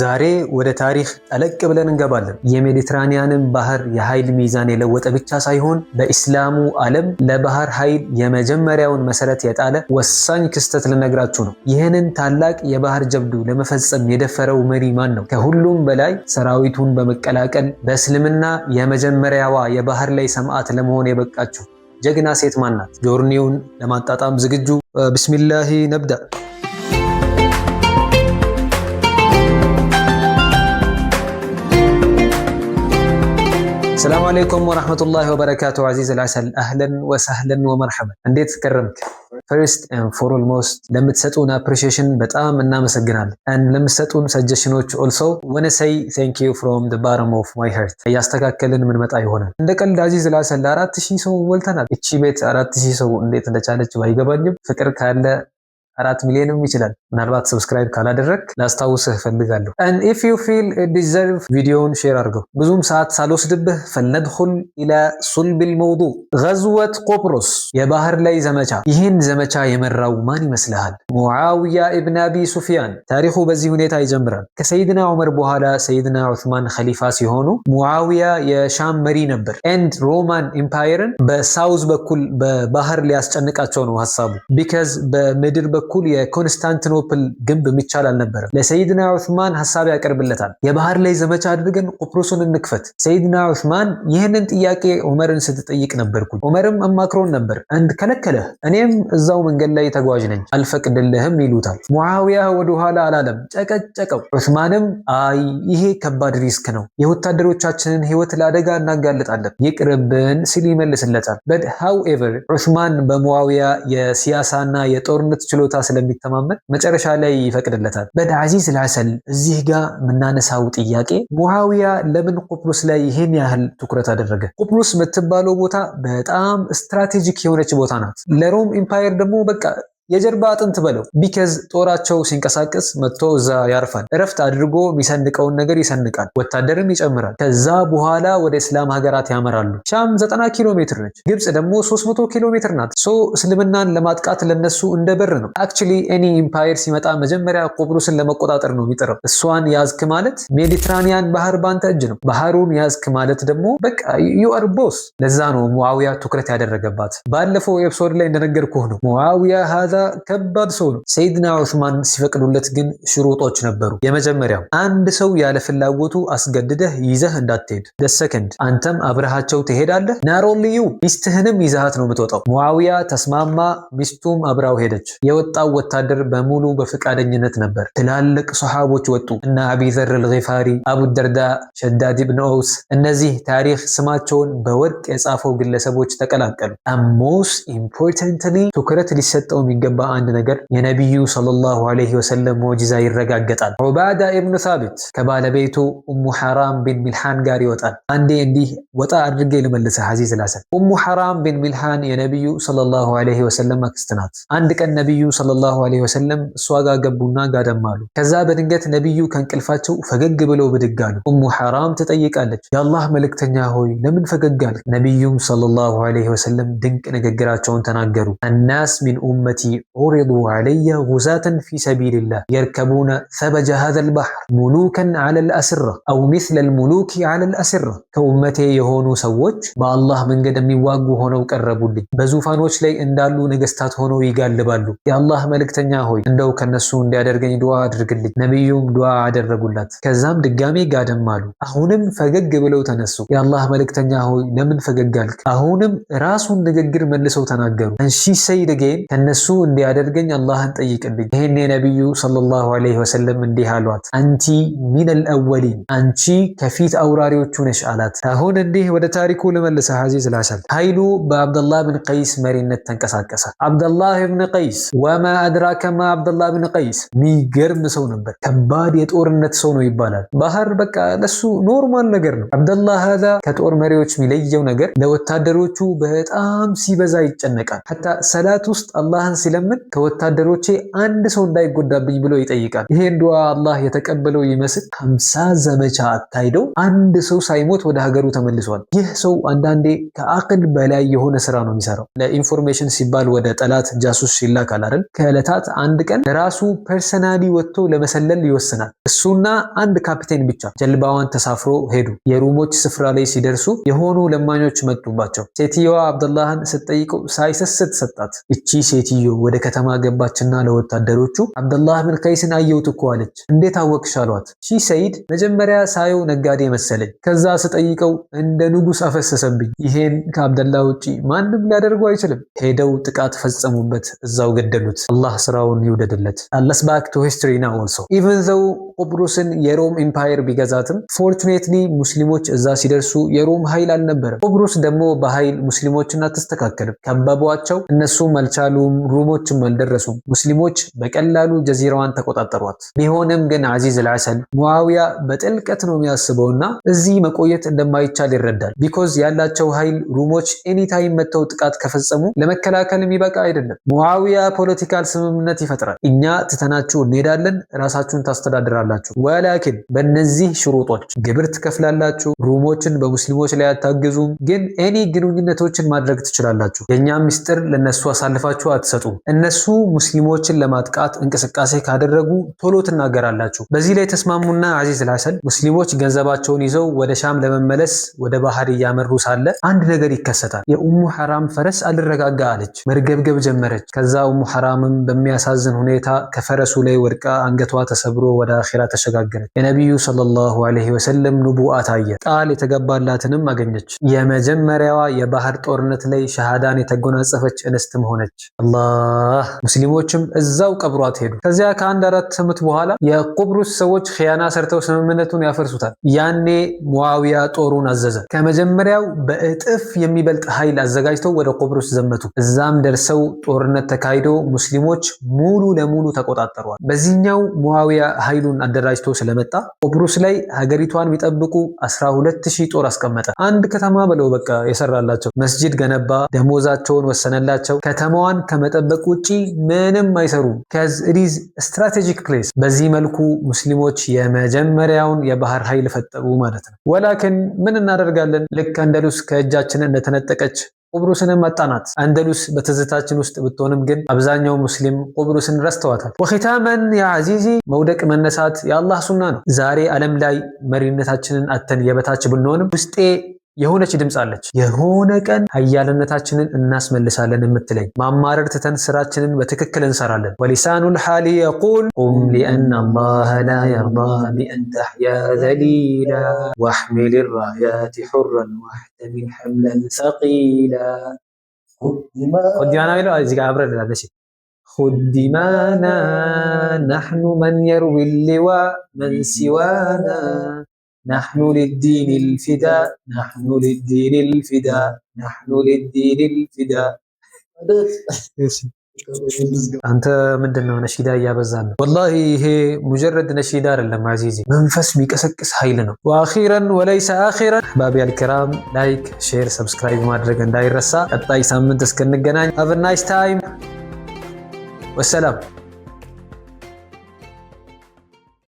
ዛሬ ወደ ታሪክ ጠለቅ ብለን እንገባለን። የሜዲትራኒያንን ባህር የኃይል ሚዛን የለወጠ ብቻ ሳይሆን በኢስላሙ ዓለም ለባህር ኃይል የመጀመሪያውን መሰረት የጣለ ወሳኝ ክስተት ልነግራችሁ ነው። ይህንን ታላቅ የባህር ጀብዱ ለመፈጸም የደፈረው መሪ ማን ነው? ከሁሉም በላይ ሰራዊቱን በመቀላቀል በእስልምና የመጀመሪያዋ የባህር ላይ ሰማዕት ለመሆን የበቃችሁ ጀግና ሴት ማን ናት? ጆርኒውን ለማጣጣም ዝግጁ? ብስሚላሂ ነብዳ ሰላሙ አሌይኩም ወረሕመቱላሂ ወበረካቱ አዚዝ አልዓሰል አህለን ወሳህለን ወመርሐበን። እንዴት ከረምክ? ፈርስት ኤንድ ፎርሞስት ለምትሰጡን አፕሪሺዬሽን በጣም እናመሰግናለን። ለምትሰጡን ሰጀሽኖች ኦልሶ ወነሰይ ቴንክ ዩ ፍሮም ባረም ኦፍ ማይ ሄርት እያስተካከልን ምንመጣ ይሆናል። እንደ ቀልድ አዚዝ አልዓሰል አራት ሺህ ሰው ሞልተናል። እቺ ቤት አራት ሺህ ሰው እንዴት እንደቻለች ባይገባኝም ፍቅር ካለ አራት ሚሊዮንም ይችላል። ምናልባት ሰብስክራይብ ካላደረግ ላስታውስህ እፈልጋለሁ። አንድ ኢፍ ዩ ፊል ዲዘርቭ ቪዲዮውን ሼር አድርገው። ብዙም ሰዓት ሳልወስድብህ ፈለድኹል ኢላ ሱልብ ልመውዱዕ ገዝወት ቆጵሮስ የባህር ላይ ዘመቻ። ይህን ዘመቻ የመራው ማን ይመስልሃል? ሙዓውያ ኢብን አቢ ሱፊያን። ታሪኩ በዚህ ሁኔታ ይጀምራል። ከሰይድና ዑመር በኋላ ሰይድና ዑስማን ኸሊፋ ሲሆኑ ሙዓውያ የሻም መሪ ነበር። ኤንድ ሮማን ኢምፓየርን በሳውዝ በኩል በባህር ሊያስጨንቃቸው ነው ሀሳቡ ቢካዝ በምድር በኩል በኩል የኮንስታንቲኖፕል ግንብ የሚቻል አልነበረም። ለሰይድና ዑስማን ሀሳብ ያቀርብለታል። የባህር ላይ ዘመቻ አድርገን ቆጵሮስን እንክፈት። ሰይድና ዑስማን ይህንን ጥያቄ ዑመርን ስትጠይቅ ነበርኩ ዑመርም አማክሮን ነበር እንድ ከለከለህ። እኔም እዛው መንገድ ላይ ተጓዥ ነኝ አልፈቅድልህም ይሉታል። ሙዓዊያ ወደኋላ አላለም፣ ጨቀጨቀው። ዑስማንም አይ ይሄ ከባድ ሪስክ ነው፣ የወታደሮቻችንን ህይወት ለአደጋ እናጋልጣለን፣ ይቅርብን ሲል ይመልስለታል። በት ሃውኤቨር ዑስማን በሙዓዊያ የሲያሳና የጦርነት ችሎታ ስለሚተማመን መጨረሻ ላይ ይፈቅድለታል። በድ አዚዝ ልሐሰል እዚህ ጋር የምናነሳው ጥያቄ ሙሃዊያ ለምን ቁጵሉስ ላይ ይህን ያህል ትኩረት አደረገ? ቁጵሉስ የምትባለው ቦታ በጣም ስትራቴጂክ የሆነች ቦታ ናት። ለሮም ኢምፓየር ደግሞ በቃ የጀርባ አጥንት በለው ቢከዝ ጦራቸው ሲንቀሳቀስ መጥቶ እዛ ያርፋል። እረፍት አድርጎ የሚሰንቀውን ነገር ይሰንቃል፣ ወታደርም ይጨምራል። ከዛ በኋላ ወደ እስላም ሀገራት ያመራሉ። ሻም 90 ኪሎ ሜትር ነች፣ ግብፅ ደግሞ 300 ኪሎ ሜትር ናት። ሶ እስልምናን ለማጥቃት ለነሱ እንደ በር ነው። አክቹሊ ኤኒ ኢምፓየር ሲመጣ መጀመሪያ ቆጵሮስን ለመቆጣጠር ነው የሚጥረው። እሷን ያዝክ ማለት ሜዲትራኒያን ባህር ባንተ እጅ ነው። ባህሩን ያዝክ ማለት ደግሞ በቃ ዩአር ቦስ። ለዛ ነው ሙዋዊያ ትኩረት ያደረገባት። ባለፈው ኤፕሶድ ላይ እንደነገርኩህ ነው ሀዛ ከባድ ሰው ነው። ሰይድና ዑስማን ሲፈቅዱለት ግን ሽሩጦች ነበሩ። የመጀመሪያው አንድ ሰው ያለ ፍላጎቱ አስገድደህ ይዘህ እንዳትሄድ። ደሰከንድ አንተም አብረሃቸው ትሄዳለህ። ናሮልዩ ሚስትህንም ይዛሃት ነው የምትወጣው። ሙዓዊያ ተስማማ፣ ሚስቱም አብራው ሄደች። የወጣው ወታደር በሙሉ በፈቃደኝነት ነበር። ትላልቅ ሰሓቦች ወጡ። እና አቢዘር አልጊፋሪ፣ አቡ ደርዳ፣ ሸዳድ ብን ኦውስ፣ እነዚህ ታሪክ ስማቸውን በወርቅ የጻፈው ግለሰቦች ተቀላቀሉ። ሞስት ኢምፖርታንትሊ ትኩረት ሊሰጠው የሚገ የሚገባ አንድ ነገር የነቢዩ ሰለላሁ ዐለይሂ ወሰለም ሞጂዛ ይረጋገጣል። ዑባዳ ኢብኑ ሳቢት ከባለቤቱ ኡሙ ሐራም ቢን ሚልሃን ጋር ይወጣል። አንዴ እንዲህ ወጣ አድርጌ ልመልሰ ሐዚዝ ላሰን ኡሙ ሐራም ቢን ሚልሃን የነቢዩ ሰለላሁ ዐለይሂ ወሰለም አክስት ናት። አንድ ቀን ነቢዩ ሰለላሁ ዐለይሂ ወሰለም እሷ ጋር ገቡና ጋደማሉ። ከዛ በድንገት ነቢዩ ከእንቅልፋቸው ፈገግ ብለው ብድግ አሉ። ኡሙ ሐራም ትጠይቃለች፣ የአላህ መልእክተኛ ሆይ ለምን ፈገግ አልክ? ነቢዩም ሰለላሁ ዐለይሂ ወሰለም ድንቅ ንግግራቸውን ተናገሩ። አናስ ሚን ኡመቲ ዑሪض ዓለየ ጉዛተን ፊ ሰቢልላህ የርከቡነ ሰበጀ ሀዘል ባህር ሙሉከን አለል አስራ አው ሚስለል ሙሉኪ አለል አስራ ከኡመቴ የሆኑ ሰዎች በአላህ መንገድ የሚዋጉ ሆነው ቀረቡልኝ፣ በዙፋኖች ላይ እንዳሉ ነገስታት ሆነው ይጋልባሉ። የአላህ መልእክተኛ ሆይ እንደው ከነሱ እንዲያደርገኝ ዱዓ አድርግልኝ። ነቢዩም ዱዓ አደረጉላት። ከዛም ድጋሜ ጋደም አሉ። አሁንም ፈገግ ብለው ተነሱ። የአላህ መልእክተኛ ሆይ ለምን ፈገግ አልክ? አሁንም ራሱን ንግግር መልሰው ተናገሩ። እንሺ ሰይድ ጌን ከነሱ እንዲያደርገኝ አላህን ጠይቅልኝ። ይህን የነቢዩ ሰለላሁ ዐለይሂ ወሰለም እንዲህ አሏት፣ አንቺ ሚነል አወሊን፣ አንቺ ከፊት አውራሪዎቹ ነሽ አላት። አሁን እንዲህ ወደ ታሪኩ ልመልሰ ሀዚዝ ላሰል ኃይሉ በአብደላህ ብን ቀይስ መሪነት ተንቀሳቀሰ። አብደላህ ብን ቀይስ ወማ አድራከማ አብደላህ ብን ቀይስ ሚገርም ሰው ነበር። ከባድ የጦርነት ሰው ነው ይባላል። ባህር በቃ ለሱ ኖርማል ነገር ነው። አብደላህ ሀዛ ከጦር መሪዎች የሚለየው ነገር ለወታደሮቹ በጣም ሲበዛ ይጨነቃል። ሐታ ሰላት ውስጥ አላህን ሲለምን ከወታደሮቼ አንድ ሰው እንዳይጎዳብኝ ብሎ ይጠይቃል። ይሄን ዱዓ አላህ የተቀበለው ይመስል ሀምሳ ዘመቻ አካሂደው አንድ ሰው ሳይሞት ወደ ሀገሩ ተመልሷል። ይህ ሰው አንዳንዴ ከአቅል በላይ የሆነ ስራ ነው የሚሰራው። ለኢንፎርሜሽን ሲባል ወደ ጠላት ጃሱስ ይላካል አይደል? ከዕለታት አንድ ቀን ለራሱ ፐርሰናሊ ወጥቶ ለመሰለል ይወስናል። እሱና አንድ ካፕቴን ብቻ ጀልባዋን ተሳፍሮ ሄዱ። የሩሞች ስፍራ ላይ ሲደርሱ የሆኑ ለማኞች መጡባቸው። ሴትየዋ አብደላህን ስትጠይቀው ሳይሰስት ሰጣት። እቺ ሴትዮ ወደ ከተማ ገባችና ለወታደሮቹ አብደላህ ብን ቀይስን አየሁት እኮ አለች። እንዴት አወቅሽ አሏት። ሺ ሰይድ መጀመሪያ ሳየው ነጋዴ መሰለኝ፣ ከዛ ስጠይቀው እንደ ንጉስ አፈሰሰብኝ። ይሄን ከአብደላ ውጪ ማንም ሊያደርጉ አይችልም። ሄደው ጥቃት ፈጸሙበት፣ እዛው ገደሉት። አላህ ስራውን ይውደድለት። ለስ ባክ ቱ ሂስትሪ ናው ኦልሶ ኢቨን ዘው ቆጵሮስን የሮም ኢምፓየር ቢገዛትም ፎርቹኔትሊ ሙስሊሞች እዛ ሲደርሱ የሮም ኃይል አልነበረም። ቆጵሮስ ደግሞ በኃይል ሙስሊሞችን አትስተካከልም። ከበቧቸው፣ እነሱም አልቻሉም። ሙስሊሞችም አልደረሱም። ሙስሊሞች በቀላሉ ጀዚራዋን ተቆጣጠሯት። ቢሆንም ግን አዚዝ አልዓሰል ሙዓዊያ በጥልቀት ነው የሚያስበውና እዚህ መቆየት እንደማይቻል ይረዳል። ቢኮዝ ያላቸው ኃይል ሩሞች ኤኒታይም መጥተው ጥቃት ከፈጸሙ ለመከላከል የሚበቃ አይደለም። ሙዓዊያ ፖለቲካል ስምምነት ይፈጥራል። እኛ ትተናችሁ እንሄዳለን፣ ራሳችሁን ታስተዳድራላችሁ። ወላኪን በእነዚህ ሽሩጦች ግብር ትከፍላላችሁ፣ ሩሞችን በሙስሊሞች ላይ አታግዙም፣ ግን ኤኒ ግንኙነቶችን ማድረግ ትችላላችሁ። የእኛ ምስጢር ለእነሱ አሳልፋችሁ አትሰጡም። እነሱ ሙስሊሞችን ለማጥቃት እንቅስቃሴ ካደረጉ ቶሎ ትናገራላችሁ። በዚህ ላይ ተስማሙና አዚዝ ላሰል ሙስሊሞች ገንዘባቸውን ይዘው ወደ ሻም ለመመለስ ወደ ባህር እያመሩ ሳለ አንድ ነገር ይከሰታል። የኡሙ ሐራም ፈረስ አልረጋጋ አለች፣ መርገብገብ ጀመረች። ከዛ ኡሙ ሐራምም በሚያሳዝን ሁኔታ ከፈረሱ ላይ ወድቃ አንገቷ ተሰብሮ ወደ አኼራ ተሸጋገረች። የነቢዩ ሰለላሁ ዐለይሂ ወሰለም ንቡአ ታየ። ቃል የተገባላትንም አገኘች። የመጀመሪያዋ የባህር ጦርነት ላይ ሸሃዳን የተጎናጸፈች እንስትም ሆነች። አላህ ሙስሊሞችም እዛው ቀብሯት ሄዱ። ከዚያ ከአንድ አራት ዓመት በኋላ የቁብሩስ ሰዎች ኺያና ሰርተው ስምምነቱን ያፈርሱታል። ያኔ ሙአዊያ ጦሩን አዘዘ። ከመጀመሪያው በእጥፍ የሚበልጥ ኃይል አዘጋጅተው ወደ ቁብሩስ ዘመቱ። እዛም ደርሰው ጦርነት ተካሂዶ ሙስሊሞች ሙሉ ለሙሉ ተቆጣጠሯል። በዚህኛው ሙአዊያ ኃይሉን አደራጅቶ ስለመጣ ቁብሩስ ላይ ሀገሪቷን ቢጠብቁ 12000 ጦር አስቀመጠ። አንድ ከተማ በለው በቃ የሰራላቸው መስጂድ ገነባ፣ ደሞዛቸውን ወሰነላቸው። ከተማዋን ከመጠበቅ ከመስጠት ውጪ ምንም አይሰሩም። ከዝ ኢዝ ስትራቴጂክ ፕሌስ። በዚህ መልኩ ሙስሊሞች የመጀመሪያውን የባህር ኃይል ፈጠሩ ማለት ነው። ወላክን ምን እናደርጋለን? ልክ አንደሉስ ከእጃችን እንደተነጠቀች ቁብሩስንም መጣናት። አንደሉስ በትዝታችን ውስጥ ብትሆንም ግን አብዛኛው ሙስሊም ቁብሩስን ረስተዋታል። ወኺታመን የአዚዚ መውደቅ መነሳት የአላህ ሱና ነው። ዛሬ ዓለም ላይ መሪነታችንን አተን የበታች ብንሆንም ውስጤ የሆነች ድምፅ አለች። የሆነ ቀን ሀያልነታችንን እናስመልሳለን የምትለኝ ማማረር ትተን ስራችንን በትክክል እንሰራለን። ወሊሳኑል ሓሊ የቁል ቁም ሊአን አላህ ላ የርዳ ቢአን ተሕያ ዘሊላ ወሕሚል ራያት ሑረን ዋሕተሚል ሐምለን ሰቂላ ዲማና ሚለው እዚ ጋ አብረን ላለች خذ دمانا نحن من يروي اللواء من سوانا نحن للدين الفداء نحن للدين الفداء نحن للدين الفداء አንተ ምንድን ነው ነሺዳ እያበዛን ወላሂ ይሄ ሙጀረድ ነሺዳ አይደለም አዚዚ መንፈስ የሚቀሰቅስ ኃይል ነው ወአኺረን ወለይሰ አኺረን ባቢ አልኪራም ላይክ ሼር ሰብስክራይብ ማድረግ እንዳይረሳ ቀጣይ ሳምንት እስክንገናኝ ሀቭ ናይስ ታይም ወሰላም